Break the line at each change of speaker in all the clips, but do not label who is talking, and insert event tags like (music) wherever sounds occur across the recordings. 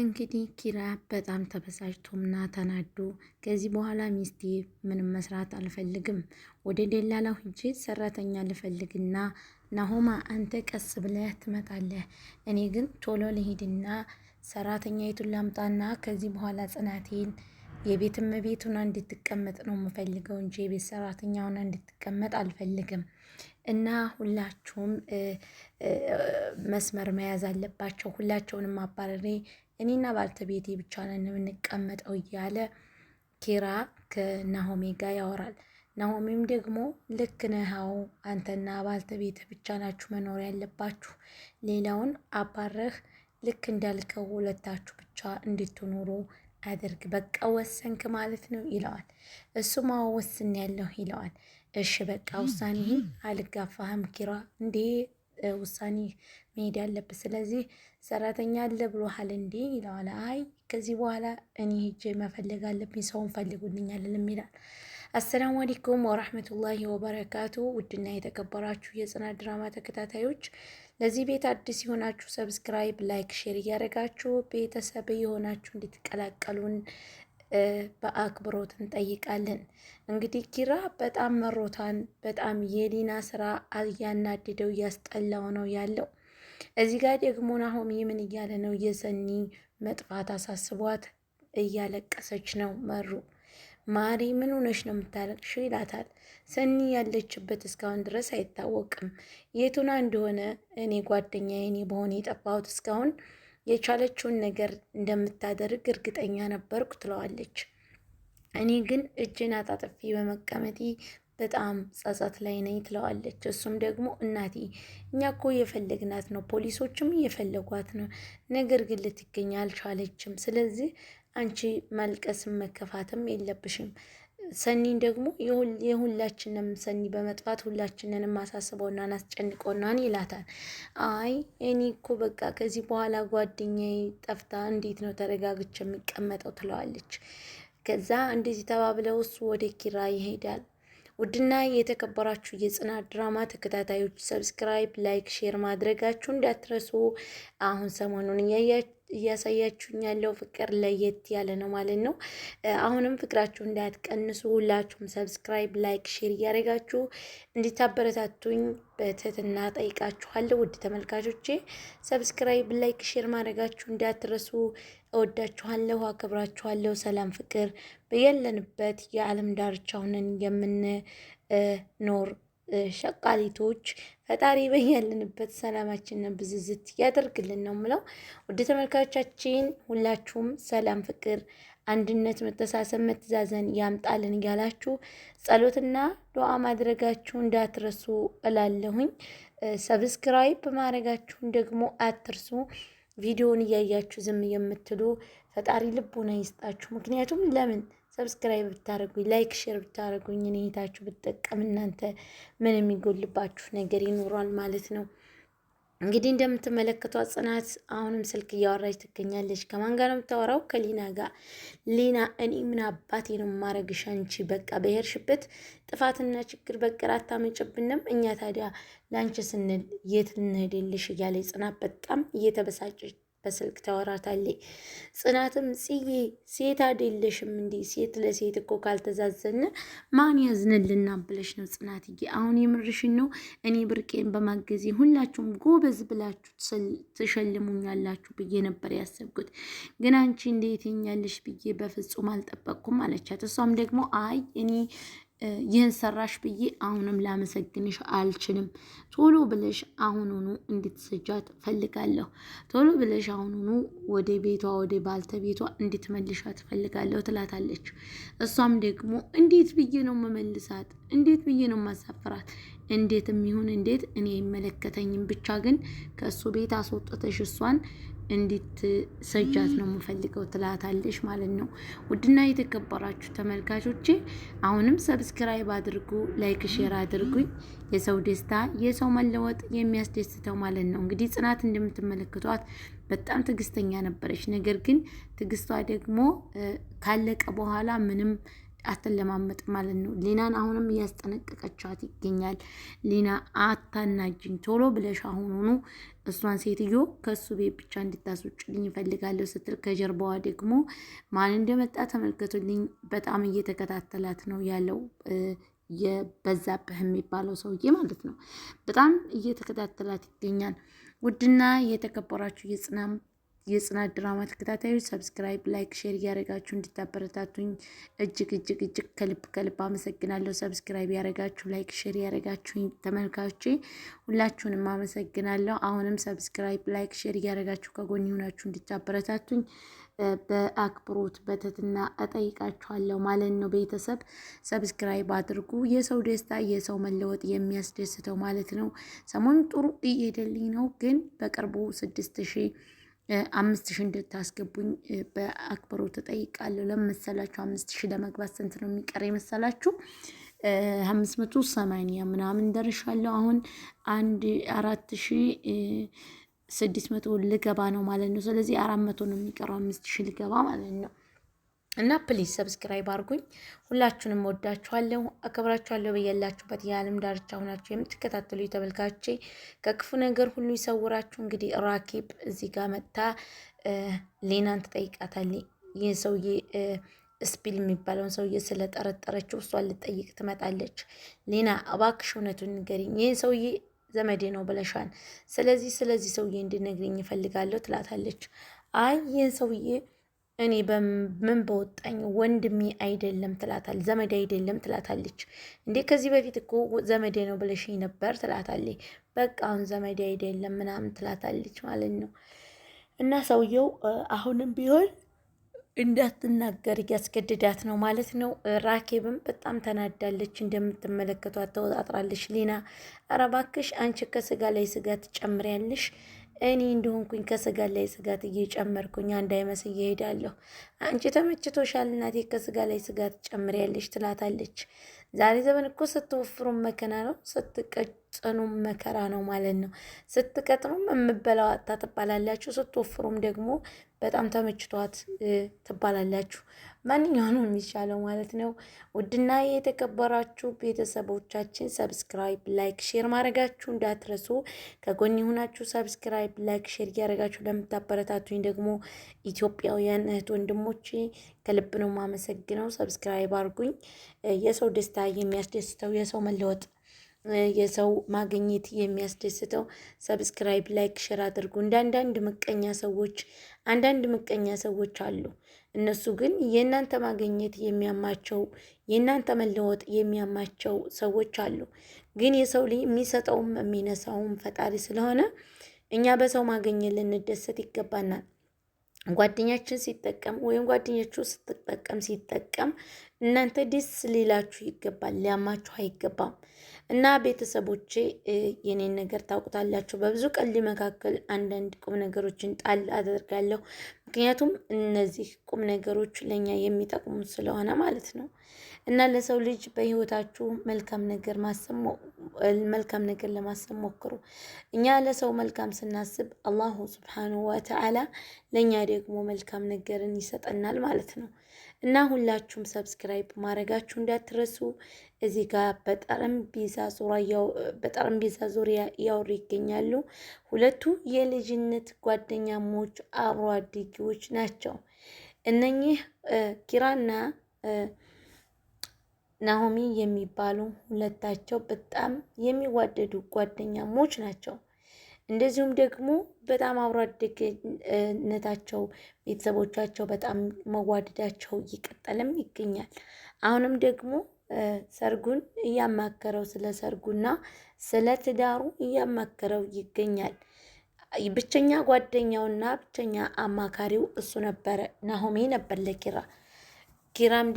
እንግዲህ ኪራ በጣም ተበሳጭቶና ተናዶ ከዚህ በኋላ ሚስቴ ምንም መስራት አልፈልግም፣ ወደ ደላላው ሂጄ ሰራተኛ ልፈልግና ናሆማ አንተ ቀስ ብለህ ትመጣለህ፣ እኔ ግን ቶሎ ልሂድና ሰራተኛ የቱን ላምጣና ከዚህ በኋላ ጽናቴን የቤት እመቤት ሆና እንድትቀመጥ ነው የምፈልገው እንጂ የቤት ሰራተኛ ሆና እንድትቀመጥ አልፈልግም። እና ሁላችሁም መስመር መያዝ አለባቸው። ሁላቸውንም አባረሬ እኔና ባልተቤቴ ብቻ ነን የምንቀመጠው እያለ ኪራ ከናሆሜ ጋር ያወራል። ናሆሜም ደግሞ ልክ ነህ፣ አዎ አንተና ባልተቤት ብቻ ናችሁ መኖር ያለባችሁ፣ ሌላውን አባረህ ልክ እንዳልከው ሁለታችሁ ብቻ እንድትኖሩ አድርግ፣ በቃ ወሰንክ ማለት ነው ይለዋል። እሱም አዎ ወስን ያለሁ ይለዋል። እሺ በቃ ውሳኔ አልጋፋህም ኪራ፣ እንዴ ውሳኔ መሄድ ያለብህ ስለዚህ ሰራተኛ አለ ብሎሃል እንዴ ይለዋል። አይ ከዚህ በኋላ እኔ ሄጄ መፈለግ አለብኝ ሰውን ፈልጉልኛለን ይላል። አሰላሙ አለይኩም ወራህመቱላሂ ወበረካቱ። ውድና የተከበራችሁ የጽናት ድራማ ተከታታዮች ለዚህ ቤት አዲስ የሆናችሁ ሰብስክራይብ፣ ላይክ፣ ሼር እያደረጋችሁ ቤተሰብ የሆናችሁ እንድትቀላቀሉን በአክብሮት እንጠይቃለን። እንግዲህ ኪራ በጣም መሮታን በጣም የሊና ስራ እያናደደው እያስጠላው ነው ያለው እዚህ ጋር ደግሞ ናሆሚ ምን እያለ ነው? የሰኒ መጥፋት አሳስቧት እያለቀሰች ነው። መሩ ማሪ ምን ሆነሽ ነው የምታለቅሽው? ይላታል። ሰኒ ያለችበት እስካሁን ድረስ አይታወቅም። የቱና እንደሆነ እኔ ጓደኛ የኔ በሆነ የጠፋሁት እስካሁን የቻለችውን ነገር እንደምታደርግ እርግጠኛ ነበርኩ ትለዋለች። እኔ ግን እጅን አጣጥፊ በመቀመጤ በጣም ጸጸት ላይ ነኝ ትለዋለች። እሱም ደግሞ እናቴ እኛ እኮ የፈለግናት ነው፣ ፖሊሶችም እየፈለጓት ነው፣ ነገር ግን ልትገኝ አልቻለችም። ስለዚህ አንቺ ማልቀስም መከፋትም የለብሽም። ሰኒን ደግሞ የሁላችንም ሰኒ በመጥፋት ሁላችንንም አሳስበውና አስጨንቆናን ይላታል። አይ እኔ እኮ በቃ ከዚህ በኋላ ጓደኛዬ ጠፍታ እንዴት ነው ተረጋግቼ የሚቀመጠው ትለዋለች። ከዛ እንደዚህ ተባብለው እሱ ወደ ኪራ ይሄዳል። ውድና የተከበራችሁ የጽናት ድራማ ተከታታዮች ሰብስክራይብ፣ ላይክ፣ ሼር ማድረጋችሁ እንዳትረሱ። አሁን ሰሞኑን እያያችሁ እያሳያችሁኝ ያለው ፍቅር ለየት ያለ ነው ማለት ነው። አሁንም ፍቅራችሁ እንዳትቀንሱ ሁላችሁም ሰብስክራይብ፣ ላይክ፣ ሼር እያደረጋችሁ እንዲታበረታቱኝ በትህትና ጠይቃችኋለሁ። ውድ ተመልካቾቼ ሰብስክራይብ፣ ላይክ፣ ሼር ማድረጋችሁ እንዳትረሱ። እወዳችኋለሁ፣ አከብራችኋለሁ። ሰላም ፍቅር በያለንበት የዓለም ዳርቻ የምንኖር ሸቃሊቶች ፈጣሪ በያልንበት ሰላማችንን ብዝዝት ያደርግልን ነው ምለው። ውድ ተመልካቾቻችን ሁላችሁም ሰላም፣ ፍቅር፣ አንድነት፣ መተሳሰብ፣ መተዛዘን ያምጣልን እያላችሁ ጸሎትና ዱዓ ማድረጋችሁ እንዳትረሱ እላለሁኝ። ሰብስክራይብ ማድረጋችሁን ደግሞ አትርሱ። ቪዲዮውን እያያችሁ ዝም የምትሉ ፈጣሪ ልቦና ይስጣችሁ። ምክንያቱም ለምን ሰብስክራይብ ብታደርጉኝ፣ ላይክ ሼር ብታደርጉኝ እኔ እህታችሁ ብጠቀም እናንተ ምን የሚጎልባችሁ ነገር ይኖሯል ማለት ነው። እንግዲህ እንደምትመለከቷት ጽናት አሁንም ስልክ እያወራች ትገኛለች። ከማን ጋር ነው የምታወራው? ከሊና ጋር። ሊና እኔ ምን አባቴ ነው ማረግሽ? አንቺ በቃ በሄርሽበት ጥፋትና ችግር በቅር አታመጭብንም። እኛ ታዲያ ለአንቺ ስንል የት እንሄድልሽ? እያለች ጽናት በጣም እየተበሳጨች በስልክ ታወራታለች። ጽናትም ጽዬ ሴት አይደለሽም እንዲህ ሴት ለሴት እኮ ካልተዛዘነ ማን ያዝንልና ብለሽ ነው ጽናትዬ፣ አሁን የምርሽን ነው? እኔ ብርቄን በማገዜ ሁላችሁም ጎበዝ ብላችሁ ትሸልሙኛላችሁ ብዬ ነበር ያሰብኩት፣ ግን አንቺ እንዴት ኛለሽ ብዬ በፍጹም አልጠበቅኩም አለቻት። እሷም ደግሞ አይ እኔ ይህን ሰራሽ ብዬ አሁንም ላመሰግንሽ አልችልም። ቶሎ ብለሽ አሁኑኑ እንድትስጃት ፈልጋለሁ። ቶሎ ብለሽ አሁኑኑ ወደ ቤቷ ወደ ባልተ ቤቷ እንድትመልሻት ፈልጋለሁ ትላታለች። እሷም ደግሞ እንዴት ብዬ ነው መመልሳት? እንዴት ብዬ ነው ማሳፈራት? እንዴትም ይሁን እንዴት እኔ አይመለከተኝም፣ ብቻ ግን ከእሱ ቤት አስወጥተሽ እሷን እንድትሰጃት ነው የምፈልገው ትላታለች ማለት ነው። ውድና የተከበራችሁ ተመልካቾቼ አሁንም ሰብስክራይብ አድርጉ፣ ላይክ ሼር አድርጉኝ። የሰው ደስታ የሰው መለወጥ የሚያስደስተው ማለት ነው። እንግዲህ ጽናት እንደምትመለከቷት በጣም ትዕግስተኛ ነበረች። ነገር ግን ትዕግስቷ ደግሞ ካለቀ በኋላ ምንም አትለማመጥ ማለት ነው። ሊናን አሁንም እያስጠነቀቀቻት ይገኛል። ሊና አታናጅኝ፣ ቶሎ ብለሽ አሁኑኑ እሷን ሴትዮ ከሱ ቤት ብቻ እንድታስወጭልኝ ይፈልጋለሁ ስትል ከጀርባዋ ደግሞ ማን እንደመጣ ተመልከቱልኝ። በጣም እየተከታተላት ነው ያለው የበዛብህ የሚባለው ሰውዬ ማለት ነው። በጣም እየተከታተላት ይገኛል። ውድና የተከበራችሁ የጽናም የጽናት ድራማ ተከታታዮች ሰብስክራይብ፣ ላይክ፣ ሼር እያደረጋችሁ እንድታበረታቱኝ እጅግ እጅግ እጅግ ከልብ ከልብ አመሰግናለሁ። ሰብስክራይብ ያደረጋችሁ ላይክ፣ ሼር ያደረጋችሁኝ ተመልካቾቼ ሁላችሁንም አመሰግናለሁ። አሁንም ሰብስክራይብ፣ ላይክ፣ ሼር እያደረጋችሁ ከጎን ሆናችሁ እንድታበረታቱኝ በአክብሮት በትህትና እጠይቃችኋለሁ ማለት ነው። ቤተሰብ ሰብስክራይብ አድርጉ። የሰው ደስታ የሰው መለወጥ የሚያስደስተው ማለት ነው። ሰሞኑን ጥሩ እየሄደልኝ ነው፣ ግን በቅርቡ ስድስት ሺህ አምስት ሺህ እንድታስገቡኝ በአክብሮት እጠይቃለሁ። ለመሰላችሁ አምስት ሺህ ለመግባት ስንት ነው የሚቀር የመሰላችሁ? አምስት መቶ ሰማንያ ምናምን ደርሻለሁ። አሁን አንድ አራት ሺ ስድስት መቶ ልገባ ነው ማለት ነው። ስለዚህ አራት መቶ ነው የሚቀረው፣ አምስት ሺህ ልገባ ማለት ነው። እና ፕሊዝ ሰብስክራይብ አድርጉኝ። ሁላችሁንም ወዳችኋለሁ፣ አከብራችኋለሁ። በያላችሁበት የዓለም ዳርቻ ሆናችሁ የምትከታተሉ ተመልካቼ ከክፉ ነገር ሁሉ ይሰውራችሁ። እንግዲህ ራኬብ እዚህ ጋር መጥታ ሌናን ትጠይቃታለች። ይህ ሰውዬ ስፒል የሚባለውን ሰውዬ ስለጠረጠረችው እሷን ልጠይቅ ትመጣለች። ሌና እባክሽ እውነቱን ንገሪኝ፣ ይህ ሰውዬ ዘመዴ ነው ብለሻል። ስለዚህ ስለዚህ ሰውዬ እንድነግርኝ ይፈልጋለሁ ትላታለች። አይ ይህን ሰውዬ እኔ ምን በወጣኝ ወንድሜ አይደለም ትላታል ዘመዴ አይደለም ትላታለች። እንዴ ከዚህ በፊት እኮ ዘመዴ ነው ብለሽኝ ነበር ትላታለች። በቃ አሁን ዘመዴ አይደለም ምናምን ትላታለች ማለት ነው። እና ሰውየው አሁንም ቢሆን እንዳትናገር እያስገድዳት ነው ማለት ነው። ራኬብም በጣም ተናዳለች። እንደምትመለከቷት ተወጣጥራለች። ሊና ኧረ እባክሽ አንቺ ከስጋ ላይ ስጋ ትጨምሪያለሽ እኔ እንደሆንኩኝ ከስጋ ላይ ስጋት እየጨመርኩኝ አንድ አይመስ እየሄዳለሁ። አንቺ ተመችቶሻል እናቴ ከስጋ ላይ ስጋት ጨምሪያለሽ ትላታለች። ዛሬ ዘመን እኮ ስትወፍሩም መከና ነው ስትቀጭ ጽኑ መከራ ነው ማለት ነው። ስትቀጥኑም የምበላው አጣ ትባላላችሁ፣ ስትወፍሩም ደግሞ በጣም ተመችቷት ትባላላችሁ። ማንኛው ነው የሚሻለው ማለት ነው። ውድና የተከበራችሁ ቤተሰቦቻችን ሰብስክራይብ፣ ላይክ፣ ሼር ማድረጋችሁ እንዳትረሱ። ከጎን የሆናችሁ ሰብስክራይብ፣ ላይክ፣ ሼር እያደረጋችሁ ለምታበረታቱኝ ደግሞ ኢትዮጵያውያን እህት ወንድሞች ከልብ ነው ማመሰግነው። ሰብስክራይብ አድርጉኝ። የሰው ደስታ የሚያስደስተው የሰው መለወጥ የሰው ማግኘት የሚያስደስተው ሰብስክራይብ፣ ላይክ፣ ሽር አድርጉ። እንደ አንዳንድ ምቀኛ ሰዎች አንዳንድ ምቀኛ ሰዎች አሉ። እነሱ ግን የእናንተ ማግኘት የሚያማቸው የእናንተ መለወጥ የሚያማቸው ሰዎች አሉ። ግን የሰው ልጅ የሚሰጠውም የሚነሳውም ፈጣሪ ስለሆነ እኛ በሰው ማግኘት ልንደሰት ይገባናል። ጓደኛችን ሲጠቀም ወይም ጓደኛችሁ ስትጠቀም ሲጠቀም እናንተ ደስ ሊላችሁ ይገባል። ሊያማችሁ አይገባም። እና ቤተሰቦቼ የኔን ነገር ታውቁታላችሁ። በብዙ ቀልድ መካከል አንዳንድ ቁም ነገሮችን ጣል አደርጋለሁ። ምክንያቱም እነዚህ ቁም ነገሮች ለእኛ የሚጠቅሙ ስለሆነ ማለት ነው። እና ለሰው ልጅ በህይወታችሁ መልካም ነገር መልካም ነገር ለማሰብ ሞክሩ። እኛ ለሰው መልካም ስናስብ አላሁ ስብሓንሁ ወተዓላ ለእኛ ደግሞ መልካም ነገርን ይሰጠናል ማለት ነው። እና ሁላችሁም ሰብስክራይብ ማድረጋችሁ እንዳትረሱ። እዚህ ጋር በጠረጴዛ ዙሪያ እያወሩ ይገኛሉ። ሁለቱ የልጅነት ጓደኛሞች አብሮ አድጊዎች ናቸው። እነኚህ ኪራና ናሆሚ የሚባሉ ሁለታቸው በጣም የሚዋደዱ ጓደኛሞች ናቸው። እንደዚሁም ደግሞ በጣም አብሮ አደግነታቸው ቤተሰቦቻቸው በጣም መዋደዳቸው እየቀጠለም ይገኛል። አሁንም ደግሞ ሰርጉን እያማከረው ስለ ሰርጉና ስለ ትዳሩ እያማከረው ይገኛል። ብቸኛ ጓደኛውና ብቸኛ አማካሪው እሱ ነበረ፣ ናሆሜ ነበር ለኪራ ኪራም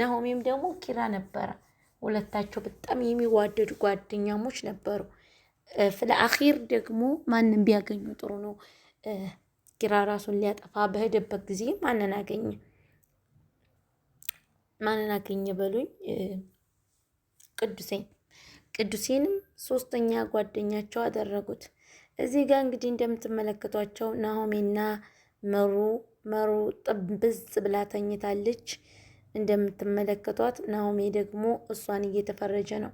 ናሆሜም ደግሞ ኪራ ነበረ። ሁለታቸው በጣም የሚዋደዱ ጓደኛሞች ነበሩ። ፍለአኺር ደግሞ ማንም ቢያገኙ ጥሩ ነው። ኪራ ራሱን ሊያጠፋ በሄደበት ጊዜ ማንን አገኘ? ማንን አገኘ በሉኝ። ቅዱሴን ቅዱሴንም ሶስተኛ ጓደኛቸው አደረጉት። እዚህ ጋር እንግዲህ እንደምትመለከቷቸው ናሆሜና መሩ መሩ ጥብዝ ብላ ተኝታለች። እንደምትመለከቷት ናሆሜ ደግሞ እሷን እየተፈረጀ ነው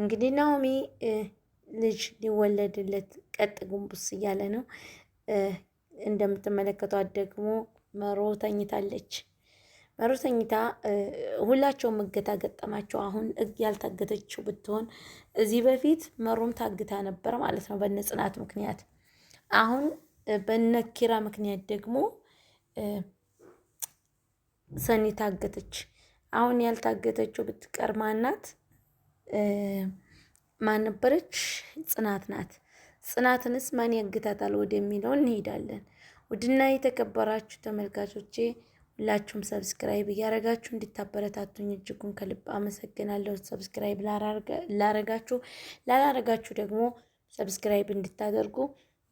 እንግዲህ ናሆሜ ልጅ ሊወለድለት ቀጥ ጉንቡስ እያለ ነው። እንደምትመለከቷት ደግሞ መሮ ተኝታለች። መሮ ተኝታ ሁላቸውም እገታ ገጠማቸው። አሁን እግ ያልታገተችው ብትሆን እዚህ በፊት መሮም ታግታ ነበር ማለት ነው በነ ጽናት ምክንያት። አሁን በነ ኪራ ምክንያት ደግሞ ሰኒ ታገተች። አሁን ያልታገተችው ብትቀርማናት። ማናት? ማን ነበረች? ጽናት ናት። ጽናትንስ ማን ያግታታል ወደሚለው እንሄዳለን። ውድና የተከበራችሁ ተመልካቾቼ ሁላችሁም ሰብስክራይብ እያረጋችሁ እንድታበረታቱኝ እጅጉን ከልብ አመሰግናለሁ። ሰብስክራይብ ላረጋችሁ፣ ላላረጋችሁ ደግሞ ሰብስክራይብ እንድታደርጉ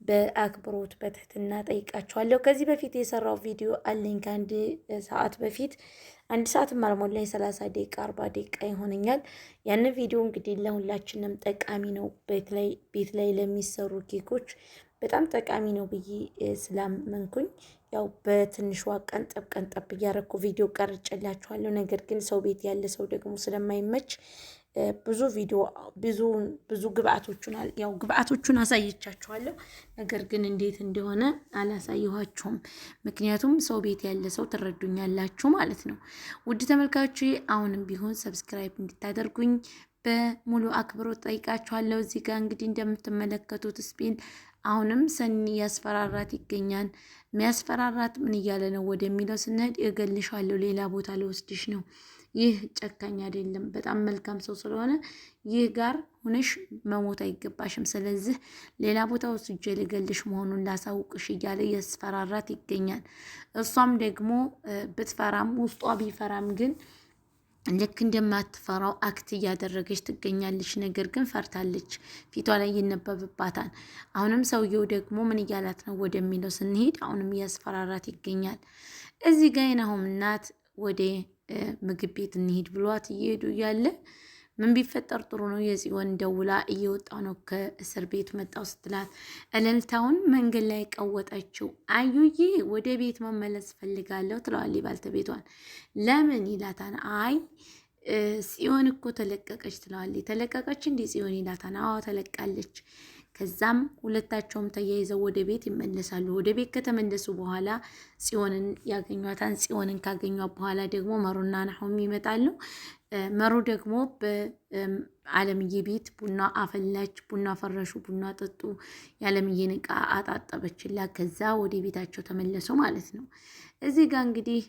በአክብሮት በትህትና ጠይቃችኋለሁ። ከዚህ በፊት የሰራው ቪዲዮ አለኝ ከአንድ ሰዓት በፊት አንድ ሰዓትም አልሞላ የሰላሳ ደቂቃ አርባ ደቂቃ ይሆነኛል። ያንን ቪዲዮ እንግዲህ ለሁላችንም ጠቃሚ ነው፣ ቤት ላይ ለሚሰሩ ኬኮች በጣም ጠቃሚ ነው ብዬ ስላመንኩኝ ያው በትንሿ ቀንጠብ ቀንጠብ እያረኩ ቪዲዮ ቀርጬላችኋለሁ። ነገር ግን ሰው ቤት ያለ ሰው ደግሞ ስለማይመች ብዙ ቪዲዮ ብዙ ብዙ ግብአቶቹን ያው ግብአቶቹን አሳይቻችኋለሁ። ነገር ግን እንዴት እንደሆነ አላሳየኋችሁም። ምክንያቱም ሰው ቤት ያለ ሰው ትረዱኛላችሁ ማለት ነው። ውድ ተመልካቾች አሁንም ቢሆን ሰብስክራይብ እንድታደርጉኝ በሙሉ አክብሮት ጠይቃችኋለሁ። እዚህ ጋር እንግዲህ እንደምትመለከቱት ስፔን አሁንም ሰኒ ያስፈራራት ይገኛል። የሚያስፈራራት ምን እያለ ነው ወደሚለው ስንሄድ እገልሻለሁ፣ ሌላ ቦታ ልወስድሽ ነው ይህ ጨካኝ አይደለም፣ በጣም መልካም ሰው ስለሆነ ይህ ጋር ሁነሽ መሞት አይገባሽም። ስለዚህ ሌላ ቦታ ወስጄ ልገልሽ መሆኑን ላሳውቅሽ እያለ ያስፈራራት ይገኛል። እሷም ደግሞ ብትፈራም ውስጧ ቢፈራም ግን ልክ እንደማትፈራው አክት እያደረገች ትገኛለች። ነገር ግን ፈርታለች፣ ፊቷ ላይ ይነበብባታል። አሁንም ሰውየው ደግሞ ምን እያላት ነው ወደሚለው ስንሄድ አሁንም እያስፈራራት ይገኛል። እዚህ ጋ የናሆም እናት ወደ ምግብ ቤት እንሄድ ብሏት እየሄዱ እያለ ምን ቢፈጠር ጥሩ ነው? የጽዮን ደውላ እየወጣ ነው ከእስር ቤት መጣው ስትላት እልልታውን መንገድ ላይ ቀወጠችው። አዩዬ ወደ ቤት መመለስ ፈልጋለሁ ትለዋለች ባልተቤቷን። ለምን ይላታን። አይ ጽዮን እኮ ተለቀቀች ትለዋል። ተለቀቀች እንዲ ጽዮን ይላታን። አዎ ተለቃለች። ከዛም ሁለታቸውም ተያይዘው ወደ ቤት ይመለሳሉ። ወደ ቤት ከተመለሱ በኋላ ጽዮንን ያገኟታን። ጽዮንን ካገኟ በኋላ ደግሞ መሩና ናሆም ይመጣሉ። መሩ ደግሞ በአለምዬ ቤት ቡና አፈላች፣ ቡና ፈረሹ፣ ቡና ጠጡ፣ የአለምዬን እቃ አጣጠበችላ። ከዛ ወደ ቤታቸው ተመለሱ ማለት ነው። እዚህ ጋር እንግዲህ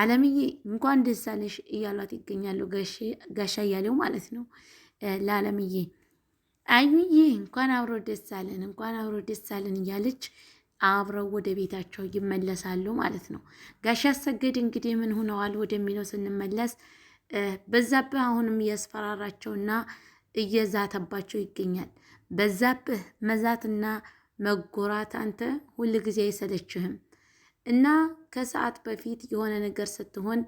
አለምዬ እንኳን ደስ አለሽ እያሏት ይገኛሉ። ጋሻ እያሌው ማለት ነው ለአለምዬ አዩዬ እንኳን አብሮ ደስ አለን እንኳን አብሮ ደስ አለን እያለች አብረው ወደ ቤታቸው ይመለሳሉ ማለት ነው። ጋሽ አሰገድ እንግዲህ ምን ሆነዋል ወደሚለው ስንመለስ በዛብህ አሁንም እያስፈራራቸውና እየዛተባቸው ይገኛል። በዛብህ መዛትና መጎራት አንተ ሁል ጊዜ አይሰለችህም እና ከሰዓት በፊት የሆነ ነገር ስትሆን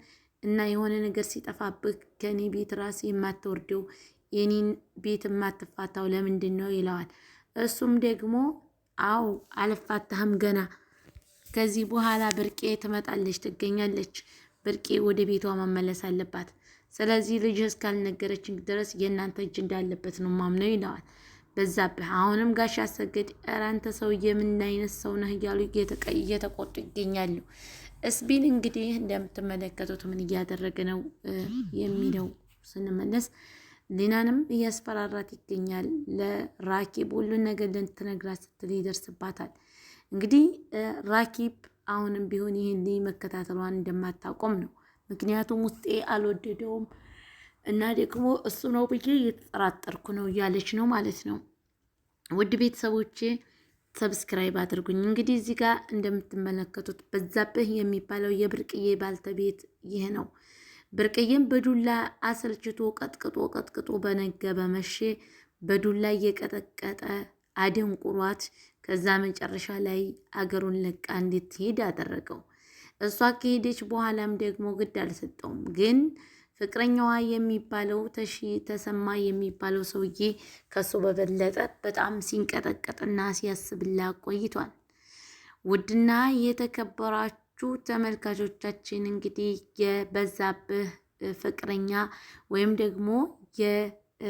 እና የሆነ ነገር ሲጠፋብህ ከኔ ቤት ራስ የማትወርደው የኔን ቤት የማትፋታው ለምንድን ነው ይለዋል። እሱም ደግሞ አው አልፋታህም ገና ከዚህ በኋላ ብርቄ ትመጣለች፣ ትገኛለች። ብርቄ ወደ ቤቷ መመለስ አለባት። ስለዚህ ልጅ እስካልነገረችን ድረስ የእናንተ እጅ እንዳለበት ነው ማምነው ይለዋል። በዛብህ አሁንም ጋሽ አሰገድ ራንተ ሰው የምን አይነት ሰው ነህ እያሉ እየተቆጡ ይገኛሉ። እስቢን እንግዲህ እንደምትመለከቱት ምን እያደረገ ነው የሚለው ስንመለስ ሊናንም እያስፈራራት ይገኛል። ለራኪብ ሁሉን ነገር ልትነግራት ስትል ይደርስባታል። እንግዲህ ራኪብ አሁንም ቢሆን ይህን መከታተሏን እንደማታቆም ነው። ምክንያቱም ውስጤ አልወደደውም እና ደግሞ እሱ ነው ብዬ እየተጠራጠርኩ ነው እያለች ነው ማለት ነው። ውድ ቤተሰቦቼ ሰብስክራይብ አድርጉኝ። እንግዲህ እዚህ ጋር እንደምትመለከቱት በዛብህ የሚባለው የብርቅዬ ባልተቤት ይህ ነው። ብርቅዬም በዱላ አሰልችቶ ቀጥቅጦ ቀጥቅጦ በነገ በመሼ በዱላ እየቀጠቀጠ አደንቁሯት ከዛ መጨረሻ ላይ አገሩን ለቃ እንድትሄድ አደረገው። እሷ ከሄደች በኋላም ደግሞ ግድ አልሰጠውም። ግን ፍቅረኛዋ የሚባለው ተሺ ተሰማ የሚባለው ሰውዬ ከሱ በበለጠ በጣም ሲንቀጠቀጥና ሲያስብላ ቆይቷል። ውድና የተከበራችሁ ውድ ተመልካቾቻችን እንግዲህ የበዛብህ ፍቅረኛ ወይም ደግሞ የተሽዬ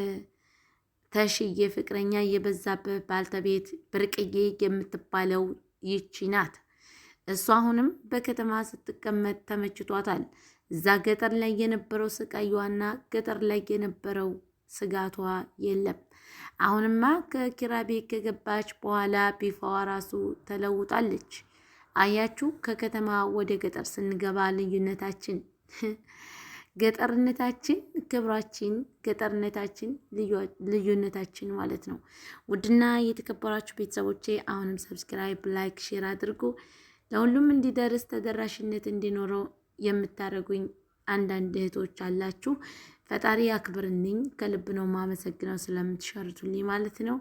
ፍቅረኛ የበዛብህ ባልተቤት ብርቅዬ የምትባለው ይቺ ናት። እሷ አሁንም በከተማ ስትቀመጥ ተመችቷታል። እዛ ገጠር ላይ የነበረው ስቃዩዋና ገጠር ላይ የነበረው ስጋቷ የለም። አሁንማ ከኪራቤ ከገባች በኋላ ቢፋዋ ራሱ ተለውጣለች። አያችሁ፣ ከከተማ ወደ ገጠር ስንገባ ልዩነታችን (laughs) ገጠርነታችን ክብራችን፣ ገጠርነታችን ልዩነታችን ማለት ነው። ውድና የተከበራችሁ ቤተሰቦቼ አሁንም ሰብስክራይብ፣ ላይክ፣ ሼር አድርጉ። ለሁሉም እንዲደርስ ተደራሽነት እንዲኖረው የምታደርጉኝ አንዳንድ እህቶች አላችሁ። ፈጣሪ አክብርልኝ። ከልብ ነው ማመሰግነው ስለምትሸርቱልኝ ማለት ነው።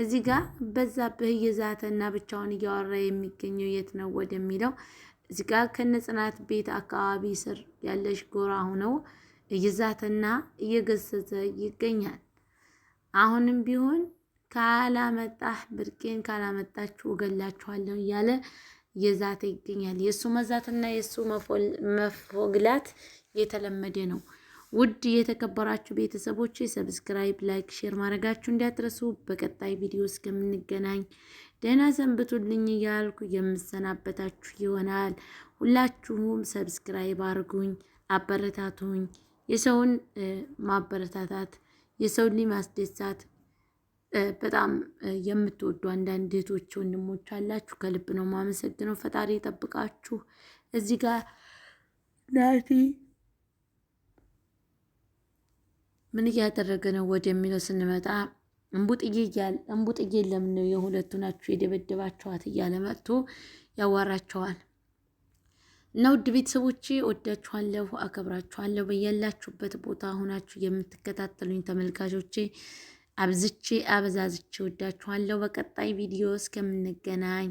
እዚህ ጋር በዛብህ እና ብቻውን እያወራ የሚገኘው የት ነው ወደሚለው እዚህ ጋር ከነጽናት ቤት አካባቢ ስር ያለሽ ጎራ ሆነው እየዛተና እየገሰዘ ይገኛል። አሁንም ቢሆን ካላመጣህ ብርቄን ካላመጣችሁ እገላችኋለሁ እያለ እየዛተ ይገኛል። የእሱ መዛትና የእሱ መፎግላት የተለመደ ነው። ውድ የተከበራችሁ ቤተሰቦች ሰብስክራይብ፣ ላይክ፣ ሼር ማድረጋችሁ እንዳትረሱ። በቀጣይ ቪዲዮ እስከምንገናኝ ደህና ሰንብቱልኝ እያልኩ የምሰናበታችሁ ይሆናል። ሁላችሁም ሰብስክራይብ አርጉኝ አበረታቱኝ። የሰውን ማበረታታት የሰውን ማስደሳት በጣም የምትወዱ አንዳንድ እህቶች ወንድሞች አላችሁ። ከልብ ነው ማመሰግነው። ፈጣሪ ይጠብቃችሁ። እዚህ ጋር ናቲ ምን እያደረገ ነው ወደሚለው ስንመጣ እምቡጥዬ እያል እምቡጥዬ ለምን ነው የሁለቱ ናቸው የደበደባችኋት እያለ መጥቶ ያዋራቸዋል። እና ውድ ቤተሰቦቼ ወዳችኋለሁ፣ አከብራችኋለሁ። በያላችሁበት ቦታ ሆናችሁ የምትከታተሉኝ ተመልካቾቼ አብዝቼ አበዛዝቼ ወዳችኋለሁ። በቀጣይ ቪዲዮ እስከምንገናኝ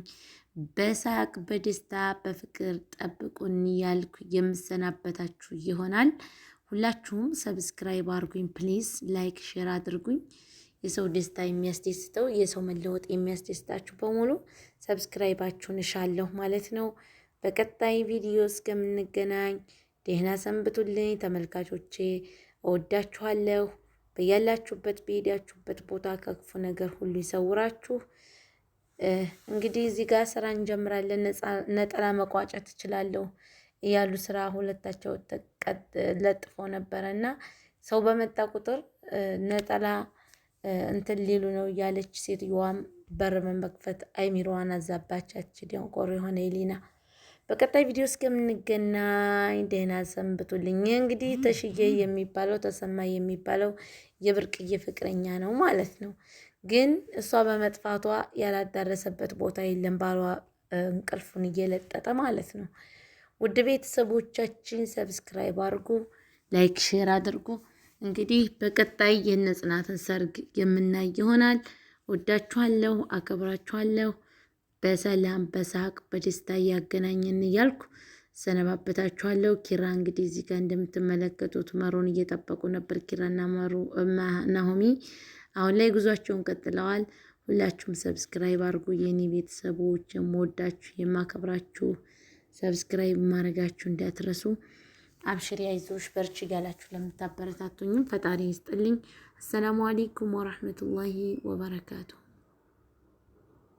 በሳቅ በደስታ በፍቅር ጠብቁን እያልኩ የምሰናበታችሁ ይሆናል። ሁላችሁም ሰብስክራይብ አድርጉኝ፣ ፕሊዝ ላይክ ሼር አድርጉኝ። የሰው ደስታ የሚያስደስተው የሰው መለወጥ የሚያስደስታችሁ በሙሉ ሰብስክራይባችሁን እሻለሁ ማለት ነው። በቀጣይ ቪዲዮ እስከምንገናኝ ደህና ሰንብቱልኝ ተመልካቾቼ፣ እወዳችኋለሁ። በያላችሁበት በሄዳችሁበት ቦታ ከክፉ ነገር ሁሉ ይሰውራችሁ። እንግዲህ እዚህ ጋር ስራ እንጀምራለን። ነጠላ መቋጨት እችላለሁ። ያሉ ስራ ሁለታቸው ለጥፎ ነበረ እና ሰው በመጣ ቁጥር ነጠላ እንትን ሊሉ ነው እያለች ሴትዮዋም በር በመክፈት አይሚሮዋን አዛባቻች። ደንቆሮ የሆነ ኤሊና። በቀጣይ ቪዲዮ እስከምንገናኝ ደህና ሰንብቱልኝ። እንግዲህ ተሽዬ የሚባለው ተሰማ የሚባለው የብርቅዬ ፍቅረኛ ነው ማለት ነው። ግን እሷ በመጥፋቷ ያላዳረሰበት ቦታ የለም። ባሏ እንቅልፉን እየለጠጠ ማለት ነው። ውድ ቤተሰቦቻችን ሰብስክራይብ አድርጉ፣ ላይክ፣ ሼር አድርጉ። እንግዲህ በቀጣይ የነ ጽናትን ሰርግ የምናይ ይሆናል። ወዳችኋለሁ፣ አከብራችኋለሁ። በሰላም በሳቅ በደስታ እያገናኘን እያልኩ ሰነባበታችኋለሁ። ኪራ እንግዲህ እዚህ ጋር እንደምትመለከቱት መሮን እየጠበቁ ነበር። ኪራና መሩ ናሆሚ አሁን ላይ ጉዟቸውን ቀጥለዋል። ሁላችሁም ሰብስክራይብ አድርጉ የኔ ቤተሰቦች፣ የምወዳችሁ የማከብራችሁ ሰብስክራይብ ማድረጋችሁ እንዳትረሱ። አብሽሪ አይዞሽ፣ በርች ጋላችሁ ለምታበረታቱኝም ፈጣሪ ይስጥልኝ። አሰላሙ አሌይኩም ወራህመቱላሂ ወበረካቱ።